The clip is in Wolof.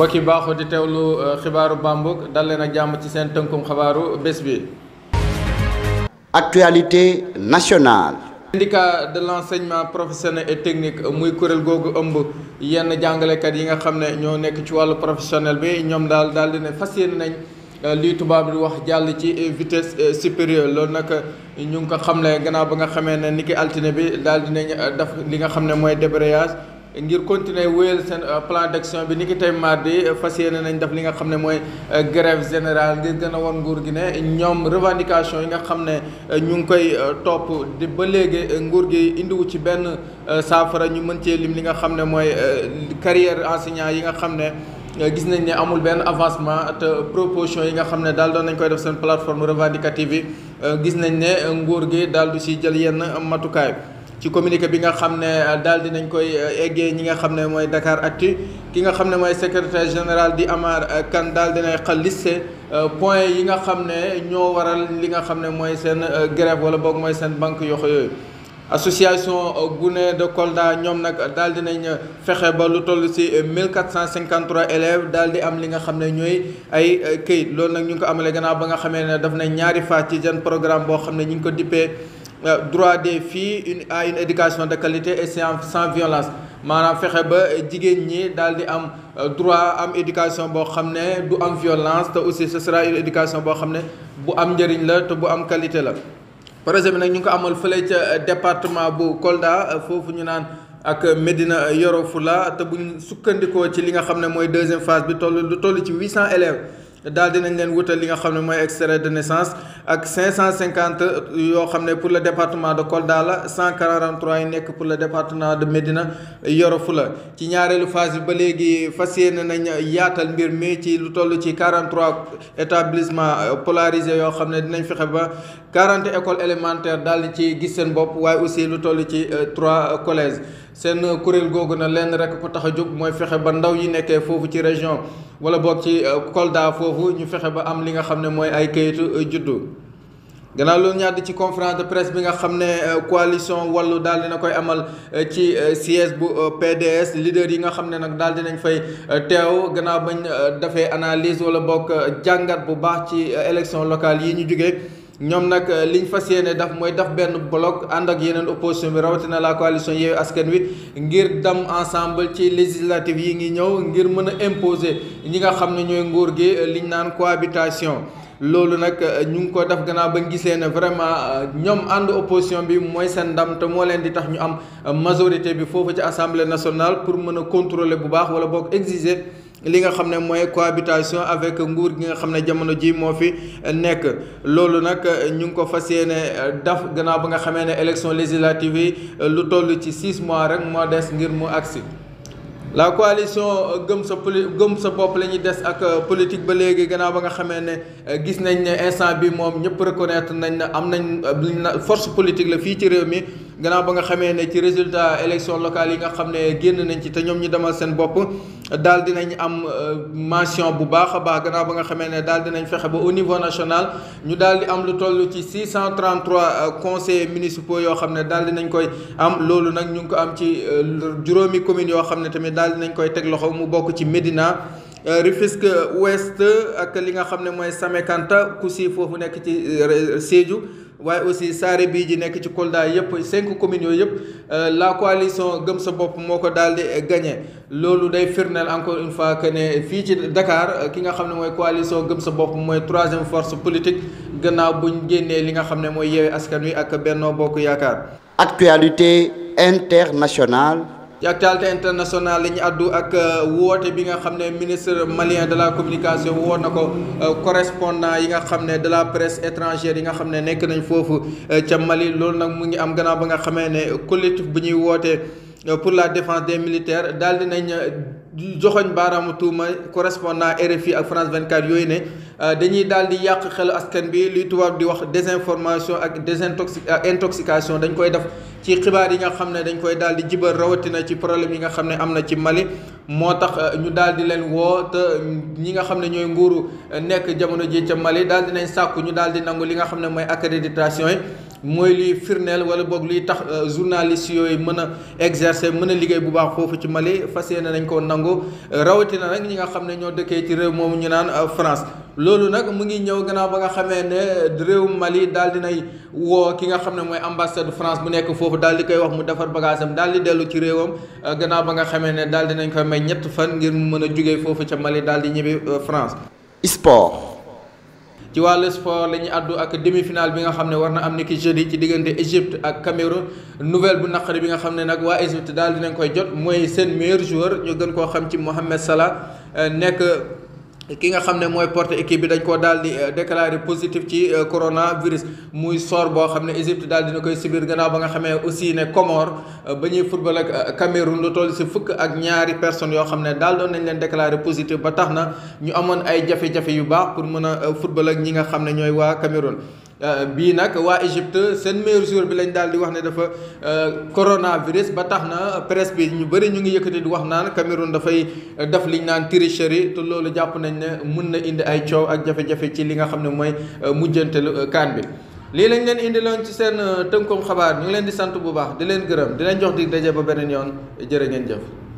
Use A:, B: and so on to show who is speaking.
A: mbokk yi baaxoo di teew lu euh, xibaaru Bambouk dal leen ak jàmm ci seen tënkum xabaaru bés bi. actualité nationale. syndicat de l'enseignement professionnel et technique muy kuréel googu ëmb yenn jàngalekat yi nga xam ne ñoo nekk ci wàllu professionnel bi ñoom daal daal di ne fas yéene nañ euh, lii tubaab di wax jàll ci vitesse euh, supérieure loolu nag ñu ngi ko ne gannaaw ba nga xamee ne niki altine bi daal di nañ def li nga xam ne mooy débrayage. ngir continuer wéyal seen euh, plan d'action bi ni ki tey mardi euh, fas yéene nañ def li nga xam ne mooy euh, grève générale ngir gën a wan nguur gi ne ñoom revendication yi nga xam ne ñu ngi koy topp di ba léegi nguur gi indiwu ci benn saafara ñu mën cee lim li nga xam ne mooy carrière enseignant yi nga xam ne gis nañ ne amul benn avancement te proposition yi nga xam ne daal nañ koy def seen plateforme revendicative yi gis nañ ne nguur gi daal du si jël yenn matukaay ci communiqué bi nga xam ne euh, daal dinañ koy euh, eggee ñi nga xam ne mooy Dakar Actu ki nga xam ne mooy secrétaire général di Amar euh, kan daal dinay xal liste point yi nga xam ne ñoo waral li nga xam ne mooy seen grève wala boog mooy seen banque yoxo yooyu association Guné de Kolda ñoom nag daal di nañ fexe ba lu toll ci mille quatre cent cinquante daal di am li nga xam ne ñooy ay këyit loolu nag ñu ngi ko amalee gannaaw ba nga xamee ne daf na ñaari fa ci jan programme boo xam ne ñu ngi ko dippee. Euh, droit des filles une à une éducation de qualité et sans violence maanaam fexe ba jigéen ñi daal di am euh, droit am éducation boo xam ne du am violence te aussi ce sera une éducation boo xam ne bu am njëriñ la te bu am qualité la projet bi nag ñu ngi ko amal fële ca euh, département bu Kolda foofu ñu naan ak Medina Yoro Fula te bu ñu sukkandikoo ci li nga xam ne mooy deuxième phase bi toll lu toll ci huit cent élèves daal dinañ leen wutal li nga xam ne mooy extrait de naissance ak 550 yoo xam ne pour le département de Kolda la 143 yi nekk pour le département de Médina Yoro Fula ci ñaareelu phase bi ba léegi fas yéene nañ yaatal mbir mi ci lu toll ci 43 établissement euh, polarisé yoo xam ne dinañ fexe ba 40 écoles élémentaires daal ci gis seen bopp waaye aussi lu toll ci 3 euh, collège seen kuréel googu na lenn rek ko tax a jóg mooy fexe ba ndaw yi nekkee foofu ci région wala boog ci euh, Kolda foofu ñu fexe ba am li nga xam ne mooy ay kayitu euh, juddu gannaaw loolu ñaar ci conférence de presse bi nga xam ne euh, coalition wallu daal dina koy amal ci siège bu PDS leader yi nga xam ne nag daal dinañ fay teew gannaaw bañ defee analyse wala boog jàngat bu baax ci élection locale yi ñu jógee. ñoom nag euh, liñ fas yéene daf mooy daf benn bloc ànd ak yeneen opposition bi rawatina la coalition Yewwi Askan Wi ngir dem ensemble ci législative yi ngi ñëw ngir mën a imposer ñi nga xam ne ñooy nguur gi euh, liñ naan cohabitation loolu nag euh, ñu ngi ko def gannaaw ba gisee ne vraiment ñoom ànd opposition bi mooy seen ndam te moo leen di tax ñu am majorité bi foofu ci assemblée nationale pour mën a contrôler bu baax wala boog exiger. li nga xam ne mooy cohabitation avec nguur gi nga xam ne jamono ji moo fi nekk loolu nag ñu ngi ko fas yéene daf gannaaw ba nga xamee ne élection législative yi lu toll ci six mois rek moo des ngir mu agsi la coalition gëm sa poli gëm sa bopp la ñuy des ak politique ba léegi gannaaw ba nga xamee ne gis nañ ne instant bi moom ñëpp reconnaître nañ ne am nañ force politique la fii ci réew mi gannaaw ba nga xamee ne ci résultat élection locale yi nga xam ne génn nañ ci te ñoom ñu demal seen bopp daal dinañ am euh, mention bu baax a baax gannaaw ba nga xamee ne daal dinañ fexe ba au niveau national ñu daal di am lu toll ci 633 euh, conseillers municipaux yoo xam ne daal nañ koy am loolu nag ñu ngi ko am ci euh, juróomi communes yoo xam ne tamit daal dinañ koy teg loxo mu bokk ci Médina. Rufisque Ouest ak li nga xam ne mooy Samekanta Koussi foofu nekk ci Sédhiou. waaye aussi saare bii ji nekk ci Kolda yëpp cinq communes yooyu yëpp euh, la coalition gëm sa bopp moo ko daal di gagné loolu day firndeel encore une fois que ne fii ci Dakar euh, ki nga xam ne mooy coalition gëm sa bopp mooy troisième force politique gannaaw buñ génnee li nga xam ne mooy yeewee askan wi ak Benno Bokk Yaakaar. actualité internationale. ci actualité internationale la ñu àddu ak euh, woote bi nga xam ne ministre malien de la communication woo na ko euh, correspondant yi nga xam ne de la presse étrangère yi nga xam ne nekk nañ foofu euh, ca Mali loolu nag mu ngi am gannaaw ba nga xamee ne collectif bu ñuy wootee pour la défense des militaires daal dinañ joxoñ baaraamu tuuma correspondant RFI ak France 24 yooyu ne euh, dañuy daal yàq xel askan bi li tubaab di wax désinformation ak désintoxi euh, intoxication dañ koy def ci xibaar yi nga xam ne dañ koy daal di jibal rawatina ci problème yi nga xam ne am na ci Mali moo tax euh, ñu daal leen woo te ñi nga xam ne ñooy nguuru nekk jamono ji ca Mali daal di nañ sàkku ñu daal di nangu li nga xam ne mooy accréditation yi mooy liy firndeel wala boog liy tax euh, journaliste yooyu mën a exercer mën a liggéey bu baax foofu ci Mali fas yéene nañ koo nangu euh, rawatina nag ñi nga xam ne ñoo dëkkee ci réew moomu ñu naan euh, France. loolu nag mu ngi ñëw gannaaw ba nga xamee ne réew Mali daal di nay woo ki nga xam ne mooy ambassade France bu nekk foofu daal di koy wax mu defar bagage am di dellu ci réewam gannaaw ba nga xamee ne daal di nañ koy may ñett fan ngir mu mën a jugee foofu ca Mali daal di ñibbi France. sport. ci wàllu sport la ñuy àddu ak demi-finale bi nga xam ne war na am ni ki yi ci diggante Égypte ak Cameroun nouvelle bu naqari bi nga xam ne nag waa Égypte daal dinañ koy jot mooy seen meilleur jour ñoo gën koo xam ci Mohamed Salah euh, nekk. ki nga xam ne mooy porte équipe bi dañ koo daal di euh, déclaré positif ci euh, coronavirus muy sor boo xam ne Égypte daal dina koy subir gannaaw ba nga xamee aussi ne Comores euh, ba ñuy football ak Cameroun lu toll si fukk ak ñaari personnes yoo xam ne daal doon nañ leen déclaré positif ba tax na ñu amoon ay jafe-jafe yu baax pour mën a football ak ñi nga xam ne ñooy waa Cameroun. Euh, bii nag waa Égypte seen meilleur jour bi lañ daal di wax ne dafa euh, coronavirus ba tax na presse bi ñu bëri ñu ngi yëkkati di wax naan Cameroun dafay euh, def liñ naan tricherie te loolu jàpp nañ ne mun na indi ay coow ak jafe-jafe ci li nga xam ne mooy mujjantelu kaan bi. lii lañ leen indi loon ci seen tënkoom xabaar ñu ngi leen di sant bu baax di leen gërëm di leen jox di daje ba beneen yoon jërë ngeen jëf.